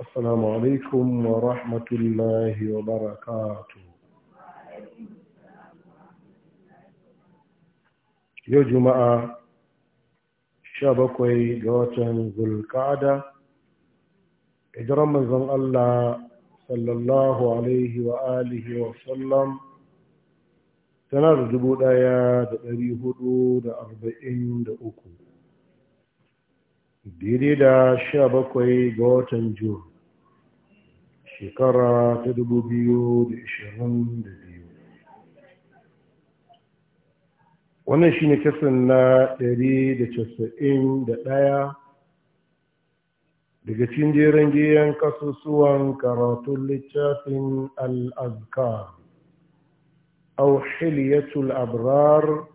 Assalamu alaikum wa rahmatullahi wa barakatu. Yau juma’a, sha bakwai ga watan zulƙada, ƙajirar manzan Allah sallallahu tana da dubu ɗaya da ɗari hudu da arba'in da uku. Dede da sha bakwai ga watan Jun, شكرا تدبو بيود إشرون دبيو ونشيني كسنا إري دكسة إن دقايا دكتين دي رنجيا كسوسوا كراتو لتشاف الأذكار أو حلية الأبرار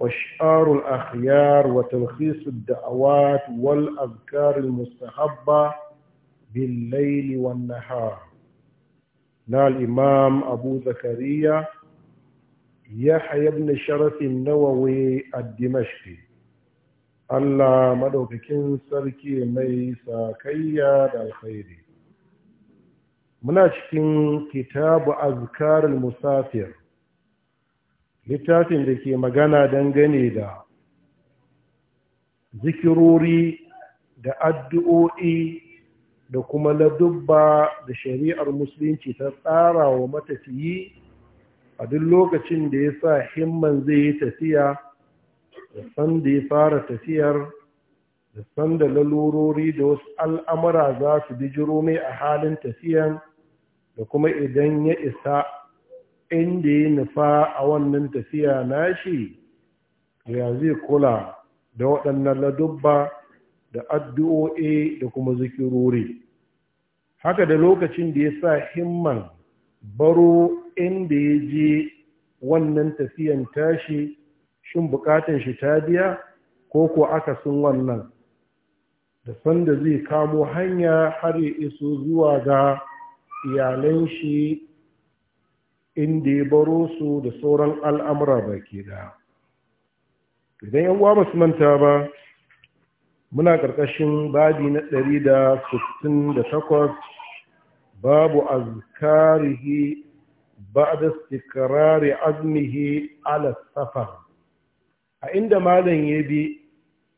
وشعار الأخيار وتلخيص الدعوات والأذكار المستحبة بالليل والنهار نا الإمام أبو زكريا يحيى بن شرف النووي الدمشقي الله مدوككين سركي ميسا كيا الخير muna كتاب أذكار المسافر musafir littafin da ke magana dangane da zikirori da addu'o'i da kuma ladubba da shari'ar musulunci ta tsara wa matafiyi a duk lokacin da ya sa himman zai yi tafiya da san ya fara tafiyar da san lalurori da wasu al'amura za su bijiro mai a halin tafiyan da kuma idan ya isa inda ya nufa a wannan tafiya nashi ya zai kula da waɗannan ladubba da addu'o'i da kuma zikirori haka da lokacin da ya sa himman baro inda ya je wannan tafiyan tashi shin bukatan shi ta biya ko ko aka sun wannan da sanda zai kamo hanya har ya iso zuwa ga iyalan shi inda ya baro su da sauran al'amura baki ɗaya. idan yan uwa su manta ba muna ƙarƙashin babi na ɗari da sittin da takwas babu azkarihi ba da istikrari azmihi ala safar a inda malam ya bi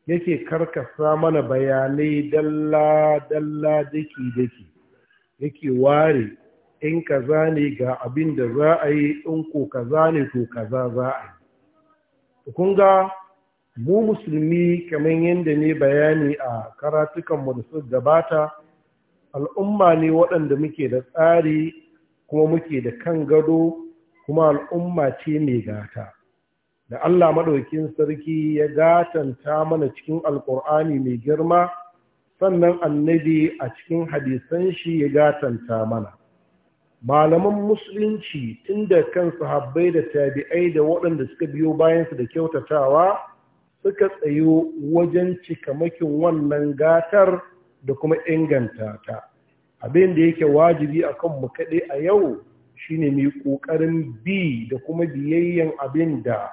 yake karkasa mana bayanai dalla dalla daki daki yake ware in kaza ne ga abin da za a yi in ko kaza ne to kaza za a yi kun ga mu musulmi kamar yadda ne bayani a karatukanmu da su gabata al'umma ne waɗanda muke da tsari kuma muke da kan gado kuma al'umma ce mai gata da Allah maɗaukin sarki ya gatanta mana cikin alƙur'ani mai girma sannan annabi a cikin hadisan shi ya gatanta mana malaman musulunci tun da kan sahabbai da tabi'ai da waɗanda suka biyo bayansu da kyautatawa suka tsayo wajen cikamakin wannan gatar da kuma inganta ta abin da yake wajibi a kanmu kaɗai a yau shine mai ƙoƙarin bi da kuma biyayyen abin da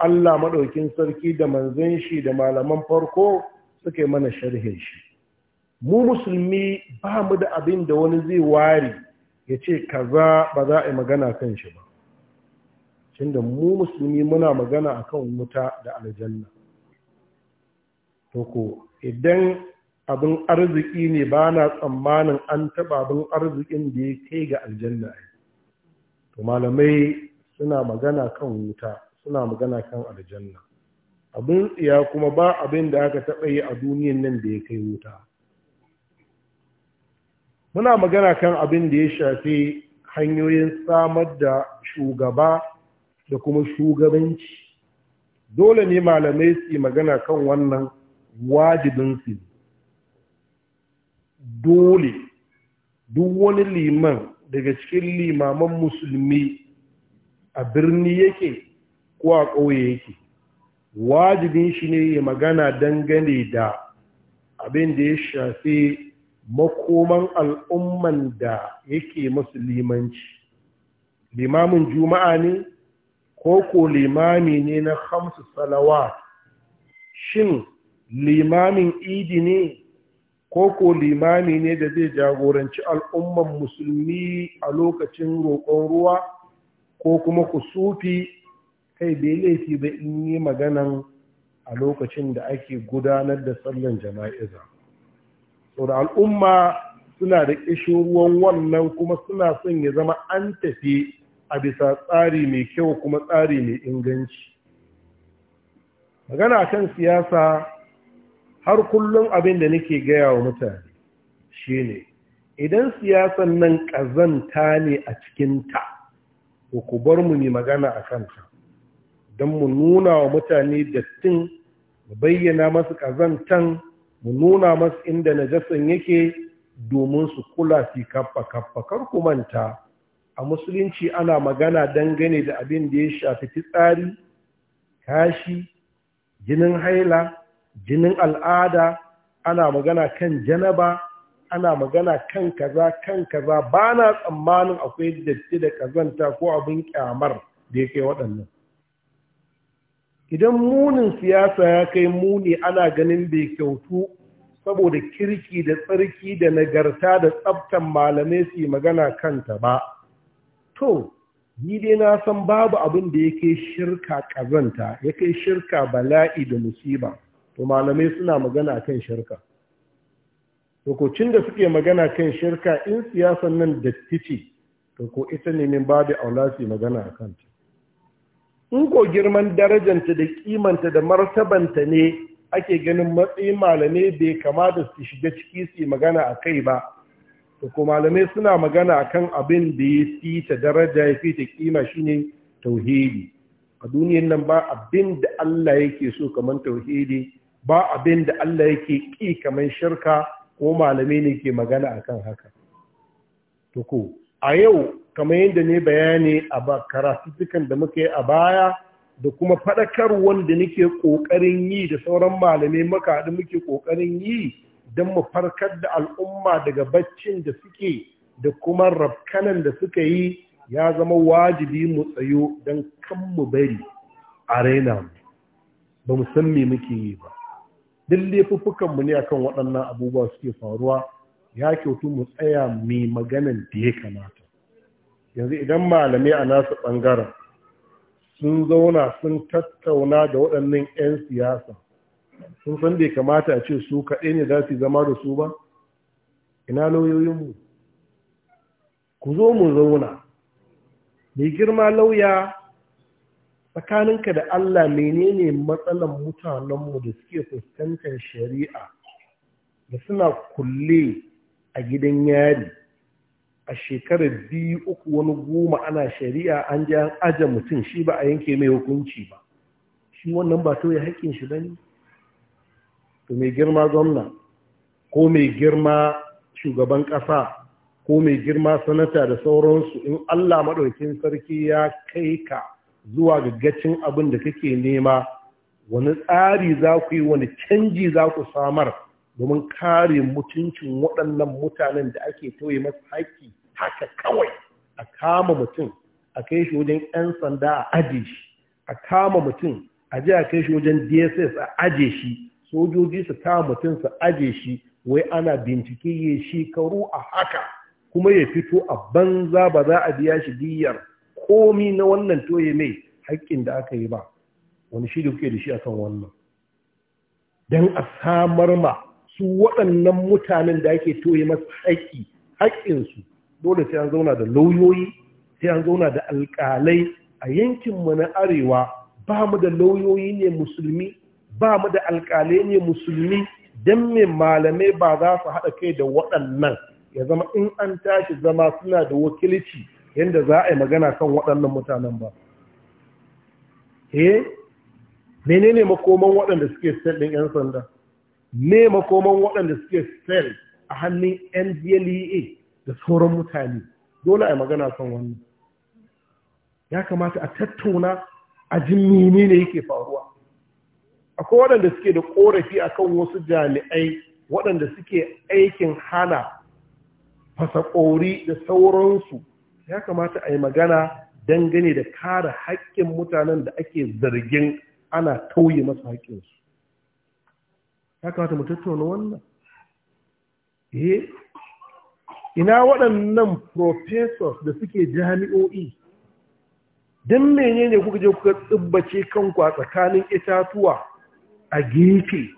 Allah maɗaukin sarki da manzon shi da malaman farko suka yi mana sharhin shi mu musulmi ba mu da abin da wani zai ware ya ce kaza ba za a yi magana kan shi ba tunda mu musulmi muna magana akan wuta da aljanna to ko idan abin arziki ne ba na tsammanin an taba abin arzikin da ya kai ga aljanna to malamai suna magana kan wuta suna magana kan aljanna abin tsiya kuma ba abin da aka taba yi a duniyan nan da ya kai wuta muna magana kan abin da ya shafi hanyoyin samar da shugaba da kuma shugabanci dole ne malamai su yi magana kan wannan wajibin su dole duk wani liman daga cikin limaman musulmi a birni yake ko a ƙauye yake wajibin shi ne ya magana dangane da abin da ya shafi makoman al'umman da yake masu limanci limamin juma'a ne ko ko limami ne na hamsu Salawa, shin limamin idi ne ko ko limami ne da zai jagoranci al'umman musulmi a lokacin roƙon ruwa ko kuma ku sufi kai bai laifi ba in yi maganan a lokacin da ake gudanar da sallan jama'iza so da al'umma suna da ƙishin ruwan wannan kuma suna son ya zama an tafi a bisa tsari mai kyau kuma tsari mai inganci magana kan siyasa har kullum abin da nake gaya wa mutane shine idan siyasan nan ƙazanta ne a cikinta ko ku bar mu ne magana a kanta don mu nuna wa mutane dattin mu bayyana masu ƙazantan mu nuna masu inda najasan yake domin su kula su kaffa kaffa kar ku manta a musulunci ana magana dangane da abin da ya shafi fitsari kashi jinin haila jinin al'ada ana magana kan janaba ana magana kan kaza kan kaza ba na tsammanin akwai datti da kazanta ko abin kyamar da ya kai waɗannan idan munin siyasa ya kai muni ana ganin bai kyautu saboda kirki da tsarki da nagarta da tsabtan malamai su yi magana kanta ba to ni dai na san babu abin da yake shirka ƙazanta ya kai shirka bala'i da musiba to malamai suna magana kan shirka lokacin da suke magana kan shirka in siyasan nan da tici to ko ita ne min babu aulasi magana a kanta in ko girman darajanta da kimanta da martabanta ne ake ganin matsayin malamai bai kamata su shiga ciki su magana a kai ba to ko malamai suna magana akan abin da ya fi ta daraja ya fi ta kima shine tauhidi a duniyar nan ba abin da Allah yake so kaman tauhidi ba abin da Allah yake ƙi kaman shirka ko malamai ne ke magana akan haka to ko a yau kamar yadda ne bayani a karatuttukan da muka yi a baya da kuma faɗakar wanda nake ƙoƙarin yi da sauran malamai maka da muke ƙoƙarin yi don mu farkar da al'umma daga baccin da suke da kuma rafkanan da suka yi ya zama wajibi mu tsayo don kan mu bari a raina mu ba mu san me muke yi ba duk mu ne akan waɗannan abubuwa suke faruwa ya kyautu mu tsaya mai maganan da ya kamata yanzu idan malamai a nasu ɓangaren sun zauna sun tattauna da waɗannan 'yan siyasa sun san bai kamata a ce su kaɗai ne za su zama da su ba ina lauyoyinmu ku zo mu zauna mai girma lauya tsakaninka da Allah menene matsalan mutanenmu da suke fuskantar shari'a da suna kulle a gidan yari a shekarar biyu uku wani goma ana shari'a an ji an aje mutum shi ba a yanke mai hukunci ba shi wannan ba to ya haƙƙin shi ne? to mai girma gwamna ko mai girma shugaban ƙasa ko mai girma sanata da sauransu in allah maɗaukin sarki ya kai ka zuwa gaggacin abin da kake nema wani tsari za ku yi wani canji za ku samar domin kare mutuncin waɗannan mutanen da ake toye masu haƙƙi haka kawai a kama mutum a kai shi wajen 'yan sanda a aje shi a kama mutum a je a kai shi wajen dss a aje shi sojoji su kama mutum su aje shi wai ana bincike ya shekaru a haka kuma ya fito a banza ba za a biya shi diyar komi na wannan toye mai haƙƙin da aka yi ba wani shi da kuke da shi akan wannan don a samar ma su waɗannan mutanen da ake toye masu haƙƙi haƙƙinsu dole sai an zauna da lauyoyi sai an zauna da alƙalai a yankinmu na arewa ba mu da lauyoyi ne musulmi ba mu da alƙale ne musulmi don mai malamai ba za su haɗa kai da waɗannan ya zama in an tashi zama suna da wakilci yadda za a yi magana kan waɗannan mutanen ba eh menene makoman waɗanda suke sel ɗin 'yan sanda me makoman waɗanda suke sel a hannun ndlea da sauran mutane dole a yi magana kan wannan ya kamata a tattauna a jin ne yake faruwa akwai waɗanda suke da ƙorafi kan wasu jami'ai waɗanda suke aikin hana fasakori da sauransu ya kamata a yi magana dangane da kare haƙƙin mutanen da ake zargin ana tauye masu haƙƙinsu ya kamata mu tattauna wannan eh ina waɗannan professors da suke jami'o'i don menene kuka je kuka tsibbace kanku a tsakanin itatuwa a gefe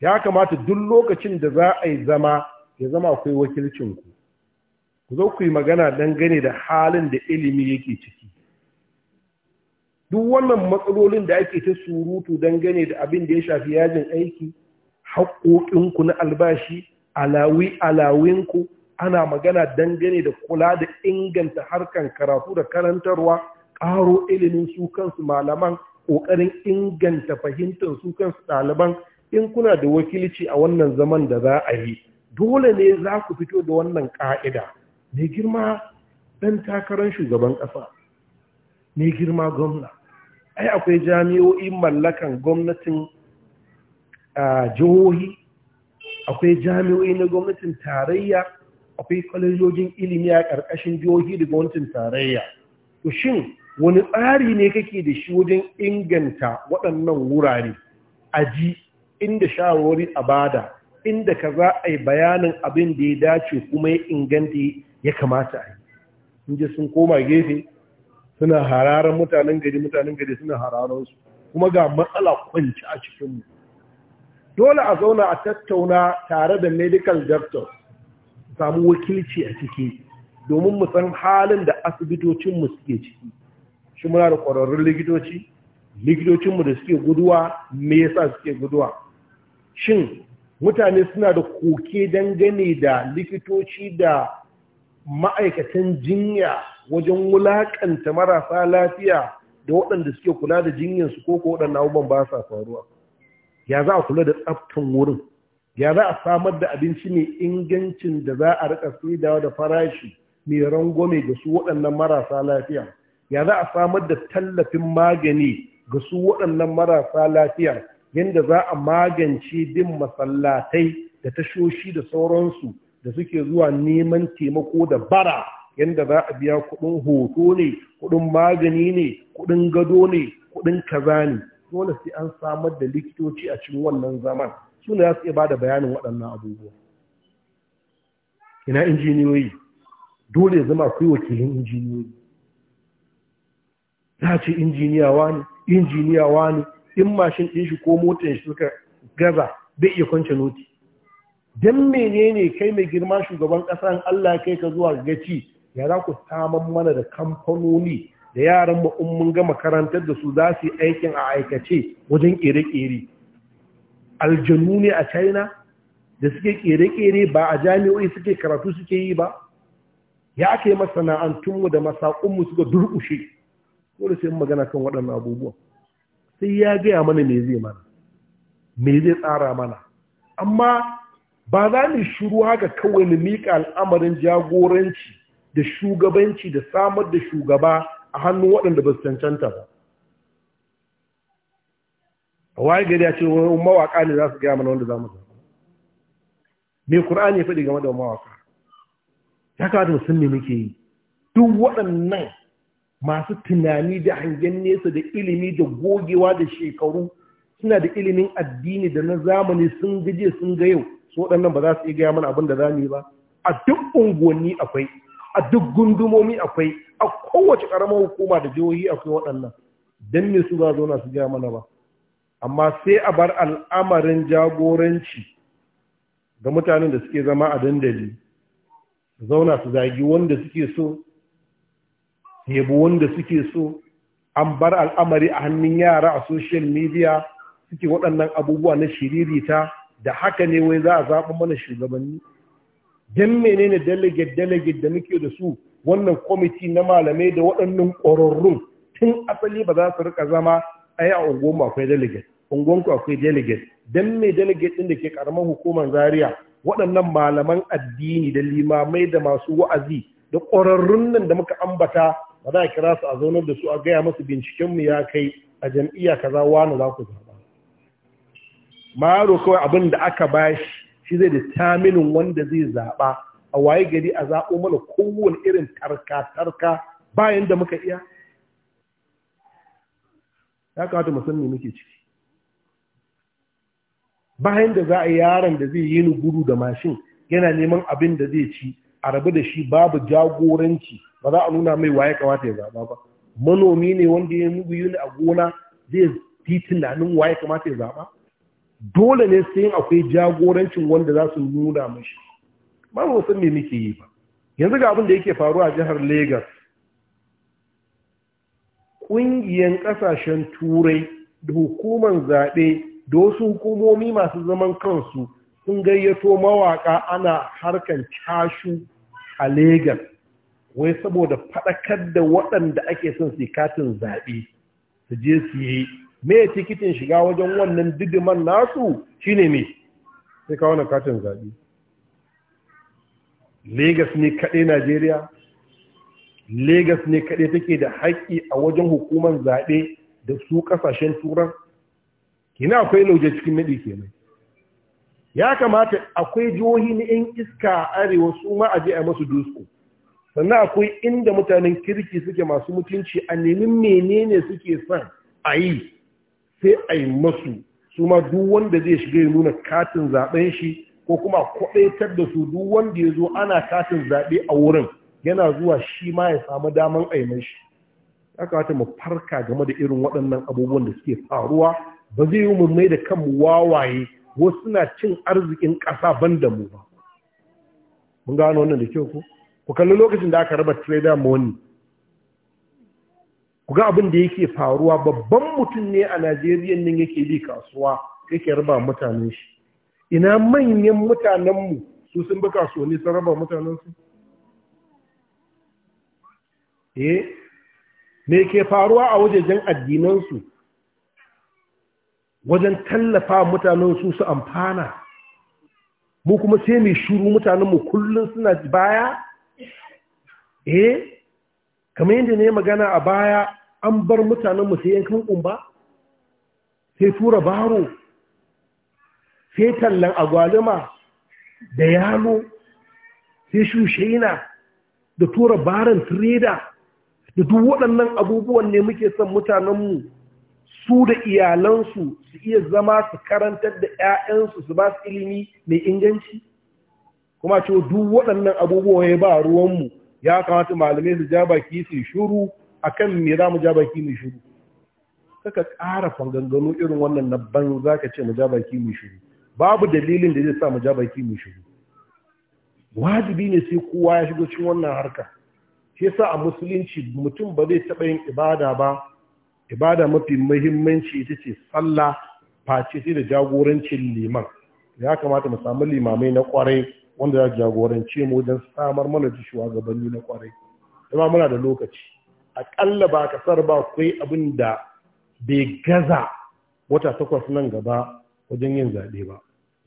ya kamata duk lokacin da za a yi zama ya zama akwai wakilcin ku ku zo ku yi magana dangane da halin da ilimi yake ciki duk wannan matsalolin da ake ta surutu dangane da abin da ya shafi yajin aiki haƙoƙinku na albashi alawi alawinku ana magana dangane da kula da inganta harkan karatu da karantarwa ƙaro ilimin su kansu malaman ƙoƙarin inganta fahimtar su kansu ɗaliban in kuna da wakilci a wannan zaman da za a yi dole ne za ku fito da wannan ƙa'ida mai girma ɗan takarar shugaban ƙasa mai girma gwamna ai akwai jami'o'i mallakan gwamnatin jihohi akwai jami'o'i na gwamnatin tarayya akwai kwalejojin ilimi a ƙarƙashin jihohi da gwamnatin tarayya to shin wani tsari ne kake da shi wajen inganta waɗannan wurare aji, inda shawarwari a bada inda ka za a yi bayanin abin da ya dace kuma ya inganta ya kamata a yi sun sun koma gefe suna hararar mutanen gari mutanen gari suna hararar su kuma ga matsala kwanci a cikinmu dole a zauna a tattauna tare da medical doctors samu wakilci a ciki domin mu san halin da asibitocinmu suke ciki shi muna da ƙwararrun likitoci likitocinmu da suke guduwa me yasa suke guduwa shin mutane suna da koke dangane da likitoci da ma'aikatan jinya wajen wulaƙanta marasa lafiya da waɗanda suke kula da jinyarsu ko ko waɗanda abubuwan ba sa faruwa ya za a kula da tsaftan wurin ya za a samar da abinci mai ingancin da za a rika saidawa da farashi mai rangwame da su waɗannan marasa lafiya ya za a samar da tallafin magani ga su waɗannan marasa lafiya yadda za a magance bin masallatai da tashoshi da sauransu da suke zuwa neman taimako da bara yadda za a biya kuɗin hoto ne kuɗin magani ne kuɗin gado ne kuɗin kaza ne dole sai an samar da likitoci a cikin wannan zaman su ne za su iya ba da bayanin waɗannan abubuwa ina injiniyoyi dole ya zama akwai wakilin injiniyoyi za ce injiniya ne ne in mashin ɗin shi ko motar shi suka gaza bai iya kwance noti don menene kai mai girma shugaban ƙasa Allah kai ka zuwa gaci ya za ku saman mana da kamfanoni da yaran mu in mun ga makarantar da su za su yi aikin a aikace wajen ƙere-ƙere aljanu ne a china da suke ƙere-ƙere ba a jami'o'i suke karatu suke yi ba ya aka masana'antunmu da masakunmu suka durƙushe dole sai magana kan waɗannan abubuwan sai ya gaya mana me zai mana me zai tsara mana amma ba za mu shiru haka kawai mu miƙa al'amarin jagoranci da shugabanci da samar da shugaba a hannun waɗanda ba su cancanta ba a waye gari ya ce mawaƙa ne za su gaya mana wanda za mu zama? me ƙur'ani ya faɗi game da mawaƙa ya kamata mu san me muke yi duk waɗannan masu tunani da hangen nesa da ilimi da gogewa da shekaru suna da ilimin addini da na zamani sun gaje sun ga yau su waɗannan ba za su iya gaya mana abin da za mu yi ba a duk unguwanni akwai a duk gundumomi akwai a kowace ƙaramar hukuma da jihohi akwai waɗannan don me su ba zauna su gaya mana ba amma sai a bar al'amarin jagoranci ga mutanen da suke zama a dandali zauna su zagi wanda suke so yabo wanda suke so an bar al'amari a hannun yara a social media suke waɗannan abubuwa na shiririta da haka ne wai za a zaɓi mana shugabanni don menene delegate delegate da muke da su wannan kwamiti na malamai da waɗannan ƙwararrun tun asali ba za su rika zama a a unguwanku akwai delegate unguwanku akwai delegate don mai delegate ɗin da ke ƙaramin hukumar zaria waɗannan malaman addini da limamai da masu wa'azi da ƙwararrun nan da muka ambata ba za a kira su a zaunar da su a gaya masu mu ya kai a jam'iyya kaza wani za ku zaɓa maro kawai abin da aka bashi shi zai da taminin wanda zai zaɓa a waye gari a zaɓo mana kowane irin tarka-tarka bayan da muka iya ya kamata musamman muke ciki bayan da za a yaron da zai yi ni gudu da mashin yana neman abin da zai ci a rabu da shi babu jagoranci ba za a nuna mai waye kamata ya zaɓa ba manomi ne wanda ya mugu yuni a gona zai fi tunanin waye kamata ya zaɓa dole ne sai akwai jagorancin wanda za su nuna mashi ba mu san me muke yi ba yanzu ga abin da yake faru a jihar Legas. ƙungiyar ƙasashen turai da hukuman zaɓe da wasu hukumomi masu zaman kansu sun gayyato mawaƙa ana harkar cashu a Legas. wai saboda faɗakar da waɗanda ake son su katin zaɓe su je su yi me tikitin shiga wajen wannan didiman nasu shine me sai kawo na katin zaɓe Legas ne kaɗai Najeriya Legas ne kaɗai take da haƙƙi a wajen hukumar zaɓe da su ƙasashen turan kina akwai lauje cikin naɗi kenan ya kamata akwai jihohi na 'yan iska a arewa su ma a je a masu dusko sannan akwai inda mutanen kirki suke masu mutunci a nemi menene suke son a yi sai a yi masu su ma duk wanda zai shiga ya nuna katin zaɓen shi ko kuma kwaɗaitar da su duk wanda ya zo ana katin zaɓe a wurin yana zuwa shi ma ya samu daman a yi shi ya kamata mu farka game da irin waɗannan abubuwan da suke faruwa ba zai yi mummai da kanmu wawaye wasu na cin arzikin ƙasa ban da mu ba mun gano wannan da kyau ko ku kalli lokacin da aka raba trader money ku ga abin da yake faruwa babban mutum ne a najeriya nan yake bi kasuwa yake raba mutanen shi ina manyan mutanenmu su sun bi kasuwanni sun raba mutanensu eh me ke faruwa a wajejen addinansu wajen tallafa mutanen su su amfana mu kuma sai mai shuru mutanenmu kullum suna baya eh kamar yadda ne magana a baya an bar mutanenmu sai yankan kumba sai tura baro sai tallan agwaluma da yalo sai shushaina da tura barin trader da duk waɗannan abubuwan ne muke son mutanenmu su da iyalansu su iya zama su karantar da 'ya'yansu su ba su ilimi mai inganci kuma ce duk waɗannan abubuwa ya ba ruwanmu ya kamata malamai su ja baki su shuru a kan me za mu ja baki mu shuru kaka ƙara fangangano irin wannan na za ka ce mu ja baki mu shuru babu dalilin da zai sa mu ja baki mu shuru wajibi ne sai kowa ya shigo cikin wannan harka shi yasa a musulunci mutum ba zai taɓa yin ibada ba ibada mafi muhimmanci ita ce sallah face sai da jagorancin liman ya kamata mu samu limamai na ƙwarai. wanda ya jagorance mu wajen samar mana da shugabanni na kwarai kuma muna da lokaci akalla ba kasar ba kai abin da bai gaza wata takwas nan gaba wajen yin zaɓe ba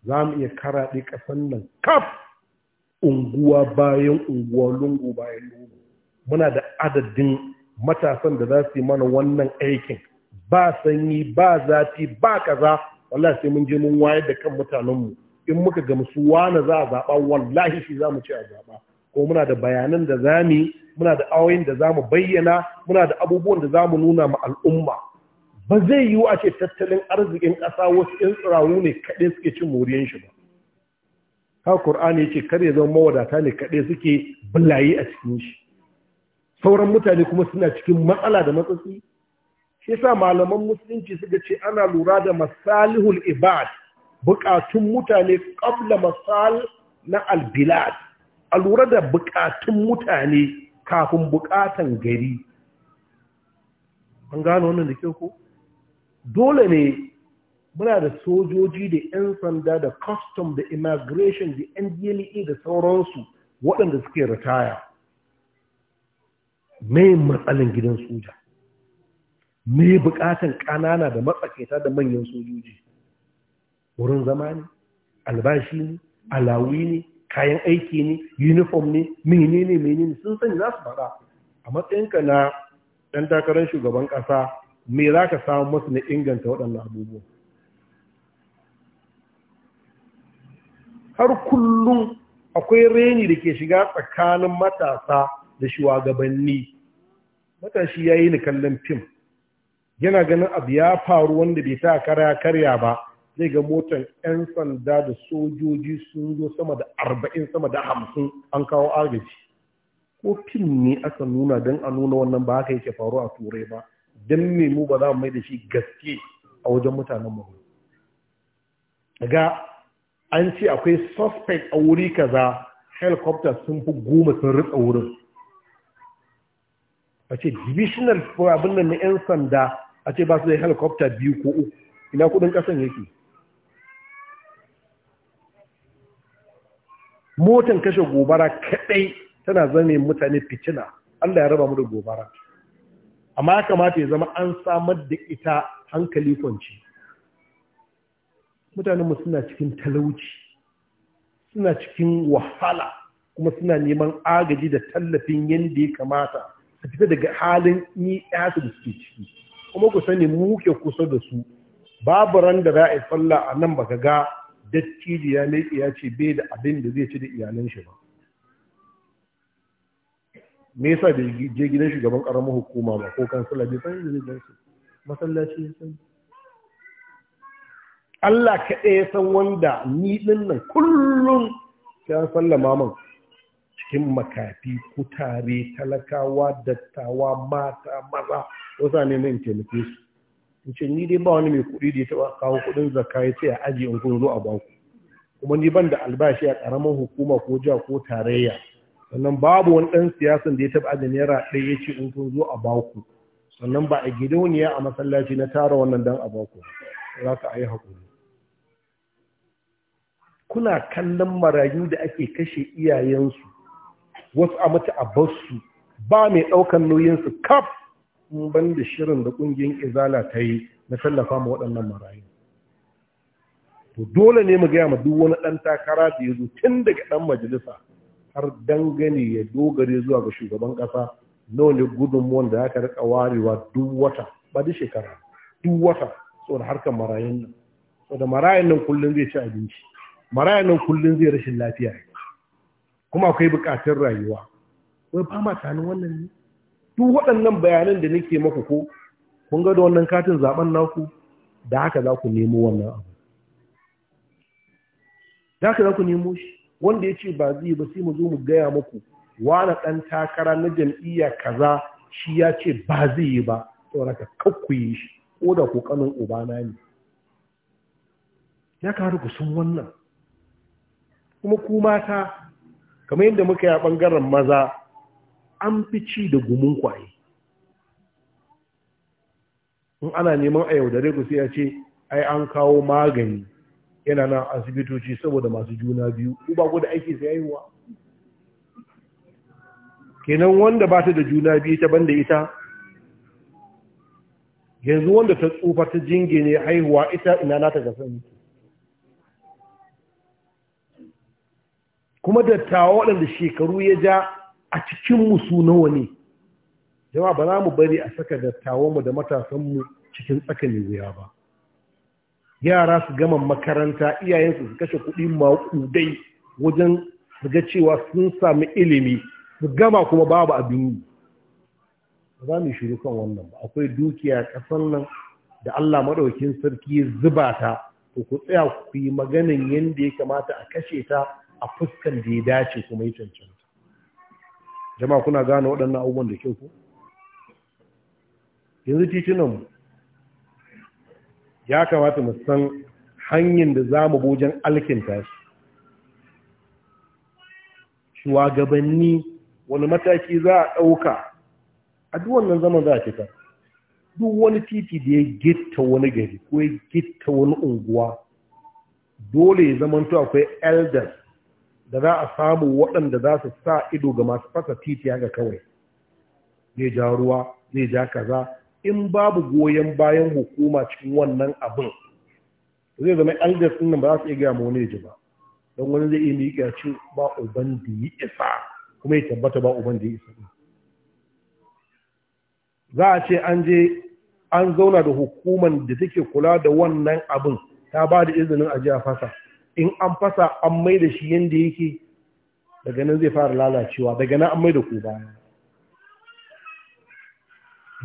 za mu iya karaɗe ƙasan nan kaf unguwa bayan unguwa lungu bayan lungu muna da adadin matasan da za su yi mana wannan aikin ba sanyi ba zafi ba kaza wallahi sai mun je mun wayar da kan mutanenmu in muka gamsu wani za a zaɓa wallahi shi za mu ce a zaɓa ko muna da bayanan da za mu muna da awoyin da za mu bayyana muna da abubuwan da za mu nuna ma al'umma ba zai yiwu a ce tattalin arzikin ƙasa wasu ƴan tsirawu ne kaɗai suke cin moriyan shi ba ka qur'ani yace kar ya zama mawadata ne kaɗai suke bulayi a cikin shi sauran mutane kuma suna cikin matsala da matsatsi shi yasa malaman musulunci suka ce ana lura da masalihul ibad bukatun mutane ƙabla masal na albilad a lura da bukatun mutane kafin bukatan gari an gano wannan da kyau ko dole ne muna da sojoji da 'yan sanda da custom da immigration da ndla e da sauransu waɗanda suke ritaya mai matsalin gidan soja mai bukatan ƙanana da matsakaita da manyan sojoji wurin zama ne albashi ne alawi ne kayan aiki ne uniform ne menene menene sun sani za su faɗa a matsayinka na ɗan takarar shugaban ƙasa me za ka samu masu na inganta waɗannan abubuwan har kullum akwai reni da ke shiga tsakanin matasa da shugabanni matashi ya yi ni kallon fim yana ganin abu ya faru wanda bai ta karya karya ba zai ga motar 'yan sanda da sojoji sun zo sama da arba'in sama da hamsin an kawo agaji ko fim ne aka nuna don a nuna wannan ba haka yake faru a turai ba don me mu ba za mu mai da shi gaske a wajen mutanen mu ga an ce akwai suspect a wuri kaza helicopter sun fi goma sun ritsa wurin a ce divisional abin da na 'yan sanda a ce ba su da helicopter biyu ko uku ina kudin kasan yake motan kashe gobara kadai tana zame mutane fitina Allah ya raba mu da gobara amma ya kamata ya zama an samar da ita hankali kwanci mutanen mutanenmu suna cikin talauci suna cikin wahala kuma suna neman agaji da tallafin yanda ya kamata su fita daga halin ni su da suke ciki kuma ku sani mu ke kusa da su babu ran da za a yi sallah a nan baka ga dattiji ya leƙe ya ce bai da abin da zai ci da iyalan shi ba me yasa da je gidan shugaban karamar hukuma ba ko kansila bai san da zai gansu masallaci ya san Allah kaɗai ya san wanda ni din nan kullum ya an sallama man cikin makafi kutare talakawa dattawa mata maza wasa ne nan taimake su in ce ni dai ba wani mai kuɗi da ya taɓa kawo kuɗin zakka ya ce a aji in kun zo a baku kuma ni ban da albashi a ƙaramin hukuma ko jiha ko tarayya sannan babu wani ɗan siyasan da ya taɓa aji naira ɗaya ya ce in kun zo a baku sannan ba a gidauniya a masallaci na tara wannan dan a baku za ka yi haƙuri kuna kallon marayu da ake kashe iyayensu wasu a mutu a basu ba mai ɗaukan nauyinsu kaf in ban da shirin da ƙungiyar izala ta yi na tallafa ma waɗannan marayu to dole ne mu gaya ma duk wani ɗan takara da ya zo tun daga ɗan majalisa har dangane ya dogare zuwa ga shugaban ƙasa nawa ne gudunmuwan da aka rika warewa duk wata ba da shekara duk wata saboda harkar marayun nan saboda marayun nan kullum zai ci abinci marayun nan kullum zai rashin lafiya kuma akwai buƙatar rayuwa wai ba ma wannan ne duk waɗannan bayanan da nake maku ko kun ga da wannan katin zaben naku da haka za ku nemo wannan abu da haka za ku nemo shi wanda ya ce ba zai ba sai mu zo mu gaya muku wani ɗan takara na jam'iyya kaza shi ya ce ba zai yi ba saboda ka kakkuyi shi ko da ku kanin ubana ne ya karu ku sun wannan kuma ku mata kamar yadda muka yi a ɓangaren maza an fi ci da gumin kwaye in ana neman a yaudare ku sai ya ce ai an kawo magani yana nan asibitoci saboda masu juna biyu ku ba ku da aiki sai haihuwa kenan wanda ba ta da juna biyu ta banda ita yanzu wanda ta tsufa ta jinge ne haihuwa ita ina na ta sani. kuma dattawa waɗanda shekaru ya ja a cikinmu su nawa ne yawa ba za mu bari a saka mu da matasanmu cikin tsakanin wuya ba yara su gama makaranta iyayensu su kashe kuɗi maƙudai wajen su ga cewa sun sami ilimi su gama kuma babu abin yi ba za mu shiru kan wannan ba akwai dukiya ƙasar nan da Allah maɗaukin sarki zuba ta ko ku tsaya ku yi maganin yadda ya kamata a kashe ta a fuskan da ya dace kuma ya cancanta jama'a kuna gane waɗannan abubuwan da kyau ko yanzu titunanmu ya kamata mu san hanyar da za mu bojan alkinta su shugabanni wani mataki za a ɗauka a duk zaman za a fita duk wani titi da ya gitta wani gari ko ya gitta wani unguwa dole ya zamanta akwai elders da za a samu waɗanda za su sa ido ga masu fasa titi haka kawai zai ja ruwa zai ja kaza in babu goyon bayan hukuma cikin wannan abin zai zama elders ɗin nan ba za su iya gaya ma wani ji ba don wani zai iya miƙa ce ba uban da ya isa kuma ya tabbata ba uban da ya isa za a ce an je an zauna da hukuman da take kula da wannan abin ta ba da izinin a ji a fasa in an fasa an mai da shi yadda yake daga nan zai fara lalacewa daga nan an mai da ku baya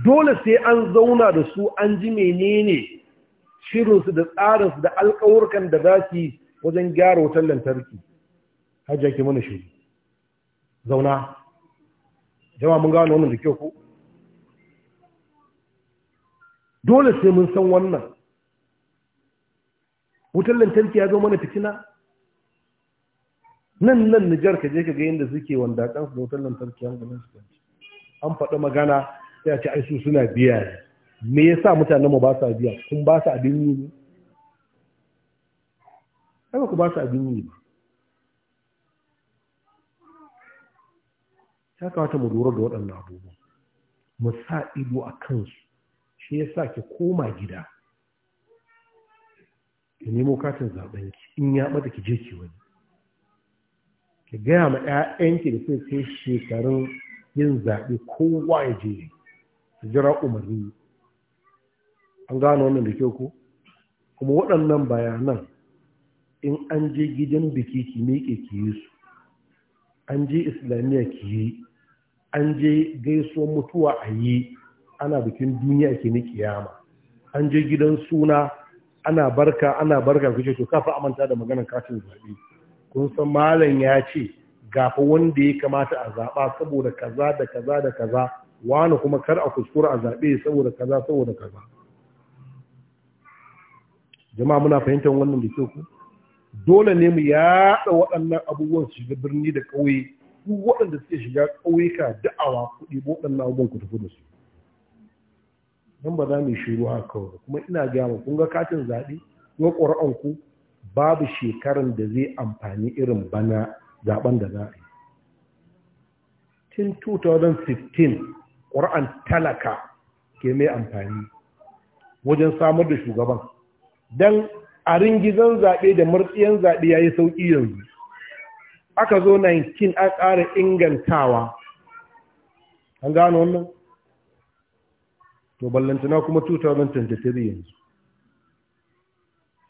dole sai an zauna da su an ji menene shirinsu da tsarinsu da alkawurkan da za su yi wajen gyara wutar lantarki hajji ake mana shiri zauna jama mun gano wannan da kyau ko dole sai mun san wannan wutar lantarki ya zo mana fitina nan nan nijar ka je ka ga yadda suke wanda kan su wutar lantarki an gudun su an faɗa magana sai a ce ai su suna biya ne me yasa mutanen mu ba sa biya kun ba sa abin yi ne ai ku ba sa abin yi ba ya kamata mu lura da waɗannan abubuwa mu sa ido a kansu shi yasa ki koma gida ki nemo katin zaben ki in ya ki je ki wani ki gaya ma 'ya'yanki da sai sai shekarun yin zaɓe kowa ya je su jira umarni an gano wannan da kyau ko kuma waɗannan bayanan in an je gidan biki ki miƙe ki yi su an je islamiyya ki yi an je gaisuwar mutuwa a yi ana bikin duniya ke ni kiyama an je gidan suna ana barka ana barka kuce to kafa amanta da maganar katin zaɓe kun san malam ya ce gafa wanda ya kamata a zaɓa saboda kaza da kaza da kaza wani kuma kar a kuskura a zaɓe saboda kaza saboda kaza jama'a muna fahimtar wannan da ku dole ne mu yaɗa waɗannan abubuwan su shiga birni da ƙauye duk waɗanda suke shiga ƙauyuka da'awa kuɗi waɗannan abubuwan ku tafi da su don ba za mu yi shiru a kawai kuma ina gaya ma kun ga katin zaɓe kuma ƙuri'an ku babu shekaran da zai amfani irin bana zaɓen da za a yi tun 2015 ƙuri'an talaka ke mai amfani wajen samar da shugaban don a ringizan zaɓe da murtsiyan zaɓe ya yi sauƙi yanzu aka zo 19 an ƙara ingantawa an gano wannan to ballantana kuma 2023 yanzu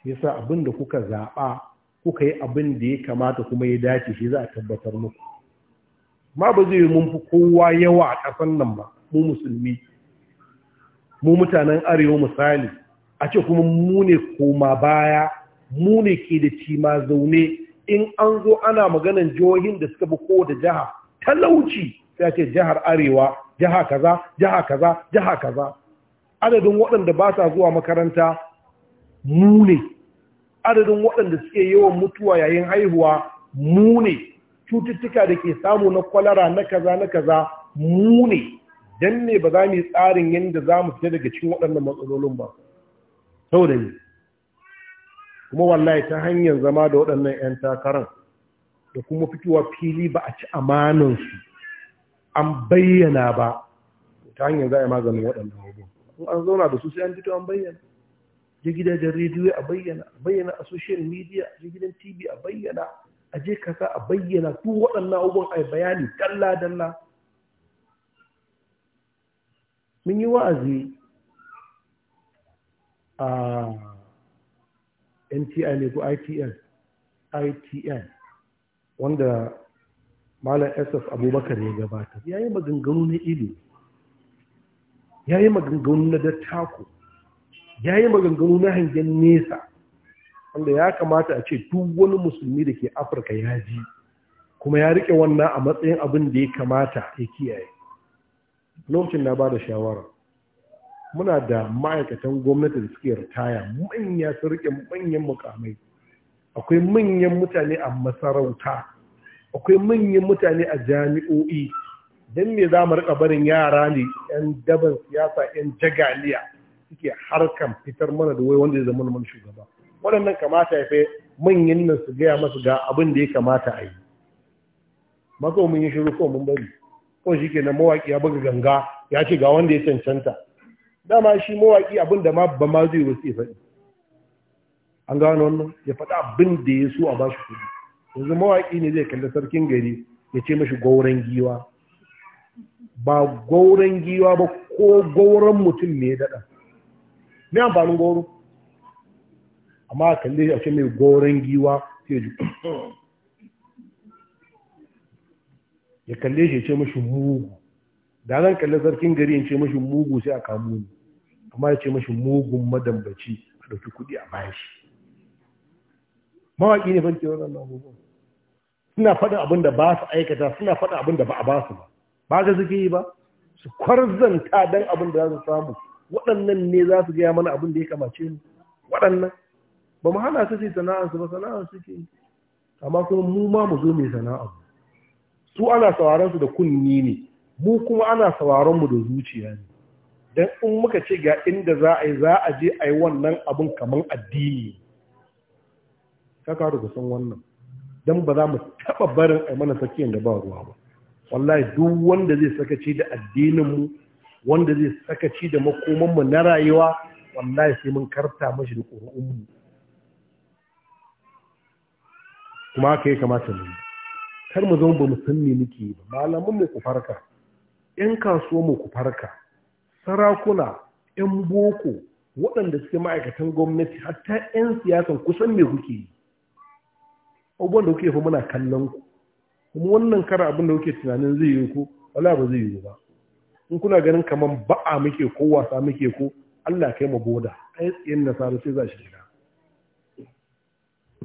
shi yasa abin da kuka zaɓa kuka yi abin da ya kamata kuma ya dace shi za a tabbatar muku ma ba zai yi mun fi kowa yawa a ƙasan nan ba mu musulmi mu mutanen arewa misali a ce kuma mu ne koma baya mu ne ke da cima zaune in an zo ana maganan jihohin da suka fi kowace jiha talauci sai a ce jihar arewa Jaha kaza jaha kaza jaha kaza adadin waɗanda ba sa zuwa makaranta mu ne adadin waɗanda suke yawan mutuwa yayin haihuwa mu ne cututtuka da ke samu na kwalara na kaza na kaza mu ne don ne ba za mu yi tsarin yadda za mu fita daga cikin waɗannan matsalolin ba sau da ni kuma wallahi ta hanyar zama da waɗannan 'yan takarar da kuma fitowa fili ba a ci amanansu an bayyana ba ta hanyar za a yi maganin waɗanda abubuwan Kun an zauna da su sai an fito an bayyana je gidajen rediyo a bayyana a bayyana a social media je gidan tv a bayyana a je kasa a bayyana su waɗannan abubuwan a bayani dalla dalla mun yi wa'azi a nti ne ko itn itn wanda malam sf abubakar ya gabatar ya yi maganganu na ilimi ya yi maganganu na dattako ya yi maganganu na hangen nesa wanda ya kamata a ce duk wani musulmi da ke afirka ya ji kuma ya rike wannan a matsayin abin da ya kamata ya kiyaye lokacin na ba da shawara muna da ma'aikatan gwamnati da suke ritaya manya su rike manyan mukamai akwai manyan mutane a masarauta akwai manyan mutane a jami'o'i don me za mu rika barin yara ne 'yan daban siyasa 'yan jagaliya suke harkan fitar mana da wai wanda ya zama mana shugaba waɗannan kamata ya fi manyan nan su gaya masu ga abin da ya kamata a yi maka mun yi shiru ko mun bari ko shi ke na mawaƙi ya buga ganga ya ce ga wanda ya cancanta dama shi mawaƙi abin da ma ba ma zai wasu ya faɗi an gano wannan ya faɗi abin da ya so a ba shi kuɗi yanzu mawaƙi ne zai kalli sarkin gari ya ce mashi gauran giwa ba gauran giwa ba ko gauran mutum ne daɗa ne amfanin gauru amma kalli a ce mai gauran giwa sai ji ya kalli shi ya ce mashi mugu da zan kalli sarkin gari ya ce mashi mugu sai a kamu ne amma ya ce mashi mugun madambaci a ɗauki kuɗi a bayan shi mawaƙi ne fanke wannan abubuwan suna faɗin abin da ba su aikata suna faɗin abin da ba a ba su ba ba ga suke yi ba su kwarzanta don abin da za su samu waɗannan ne za su gaya mana abin da ya kamace mu waɗannan ba mu hana su su sana'ar su ba sana'ar su ke amma kuma mu ma mu zo mai sana'ar su ana sauraron su da kunni ne mu kuma ana sauraron mu da zuciya ne dan in muka ce ga inda za a yi za a je a yi wannan abin kamar addini ka karu da san wannan don ba za mu taɓa barin a mana sakiyan da ba ruwa ba wallahi duk wanda zai sakaci da addininmu wanda zai sakaci da makomanmu na rayuwa wallahi sai mun karta mashi da ƙuri'unmu kuma haka ya kamata mu kar mu zama ba mu san me muke ba mu ku farka yan mu ku farka sarakuna 'yan boko waɗanda suke ma'aikatan gwamnati hatta 'yan siyasan kusan me kuke yi abubuwan da kuke fa muna kallon ku kuma wannan kara abin da kuke tunanin zai yi ku wala ba zai yi ba in kuna ganin kaman ba'a muke ko wasa muke ko Allah kai mu boda ai tsayin nasara sai za shi shiga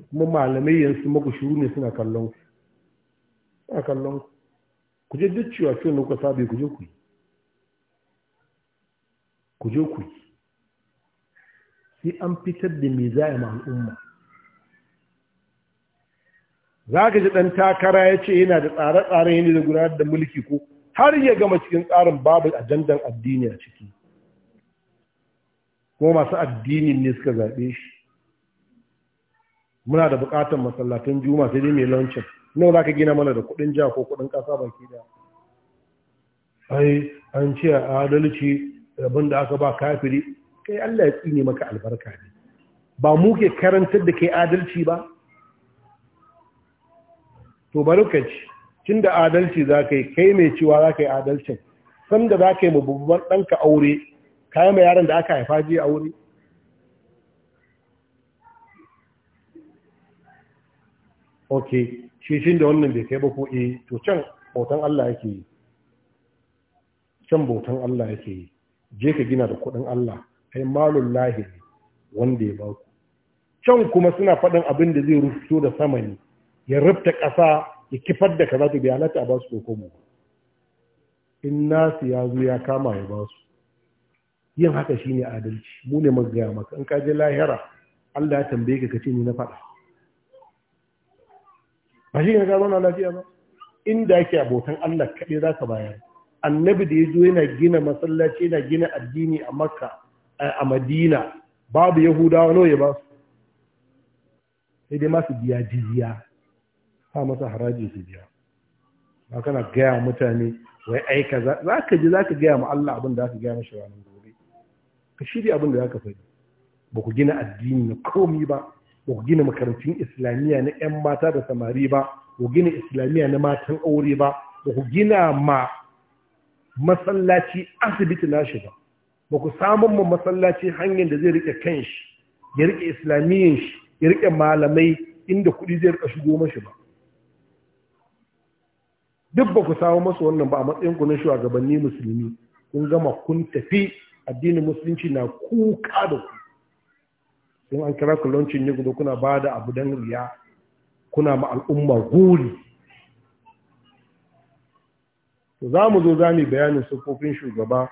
kuma malamai yanzu maku shuru ne suna kallon ku suna kallon ku ku je duk cewa cewa na kuka sabe ku je ku yi ku je ku yi sai an fitar da me za a ma al'umma za ka ji ɗan takara ya ce yana da tsare-tsare yana da gudanar da mulki ko har ya gama cikin tsarin babu ajandan addini a ciki ko masu addinin ne suka zaɓe shi muna da buƙatar masallatan juma sai dai mai launcin nawa za ka gina mana da kuɗin ja ko kuɗin ƙasa ba ke da ai an ce a adalci rabin da aka ba kafiri kai allah ya tsine maka albarka ne ba mu ke karantar da kai adalci ba to bari ka ci tun da adalci za ka yi kai mai cewa za ka yi adalcin san da za ka yi mabubban ɗanka aure kayan mai yaran da aka haifa ji aure ok shi da wannan bai kai ba ko eh to can bautan Allah yake yi can bautan Allah yake yi je ka gina da kuɗin Allah kai malun lahiri wanda ya baku can kuma suna faɗin abin da zai rufto da sama ne ya rubta ƙasa ya kifar da za ta biya halatta a ba su mu in nasu ya zo ya kama ya ba su yin haka shi ne adalci mu ne gaya maka in ka je lahira Allah ya tambaye ka kace ni na faɗa ba shi ne ka zauna lafiya ba inda yake abokan Allah kaɗai za ka bayar annabi da ya zo yana gina masallaci yana gina addini a makka a madina babu yahudawa nawa ya ba su sai dai masu biya jiziya sa masa haraji su biya ba kana gaya mutane wai aika za ka ji za ka gaya ma Allah abin da za ka gaya mashi ranar gobe ka shirya abin da za ka faɗi ba ku gina addini na komi ba ba ku gina makarantun islamiyya na 'yan mata da samari ba ba ku gina islamiyya na matan aure ba ba ku gina ma masallaci asibiti shi ba ba ku samun ma masallaci hanyar da zai rike kanshi ya rike islamiyyan shi ya rike malamai inda kuɗi zai rika shigo mashi ba duk ba ku samu masu wannan ba a matsayin ku na shugabanni musulmi kun gama kun tafi addinin musulunci na kuka da ku sun an kira ku launcin ne gudu kuna bada abu dan riya kuna ma al'umma guri to za mu zo za mu bayanin siffofin shugaba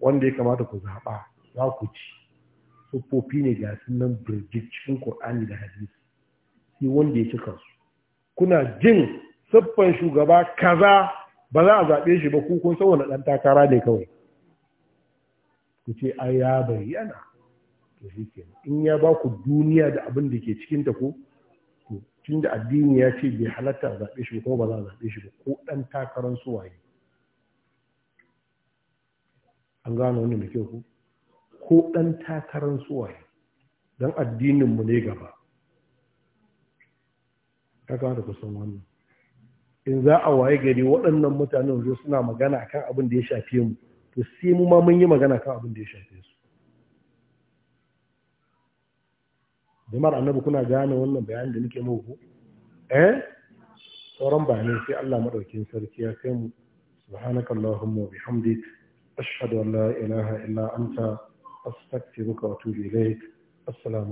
wanda ya kamata ku zaɓa za ku ci sufofi ne ga sun nan birjik cikin ƙur'ani da hadisi sai wanda ya cika su kuna jin siffar shugaba kaza ba za a zaɓe shi ba ku kun san wani ɗan takara ne kawai ku ce ai ya bayyana to shi ke in ya ba ku duniya da abin da ke cikin ta ko to tun da addini ya ce bai halatta a zaɓe shi ba kuma ba za a zaɓe shi ba ko ɗan takarar su waye an gano wani da kyau ko ko ɗan takarar su waye don addininmu ne gaba ya kamata ku san wannan in za a waye gari waɗannan mutanen zo suna magana kan abin da ya shafe mu to sai mu ma mun yi magana kan abin da ya shafe su jama'ar annabi kuna gane wannan bayanin da nake muku eh sauran bayanai sai Allah madaukakin sarki ya kai mu subhanakallahumma wa bihamdik ashhadu an la ilaha illa anta astaghfiruka wa atubu ilaik assalamu